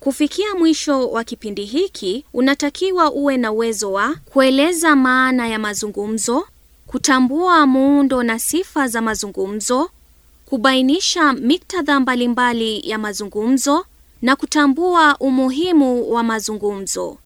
Kufikia mwisho wa kipindi hiki, unatakiwa uwe na uwezo wa kueleza maana ya mazungumzo, kutambua muundo na sifa za mazungumzo, kubainisha miktadha mbalimbali ya mazungumzo na kutambua umuhimu wa mazungumzo.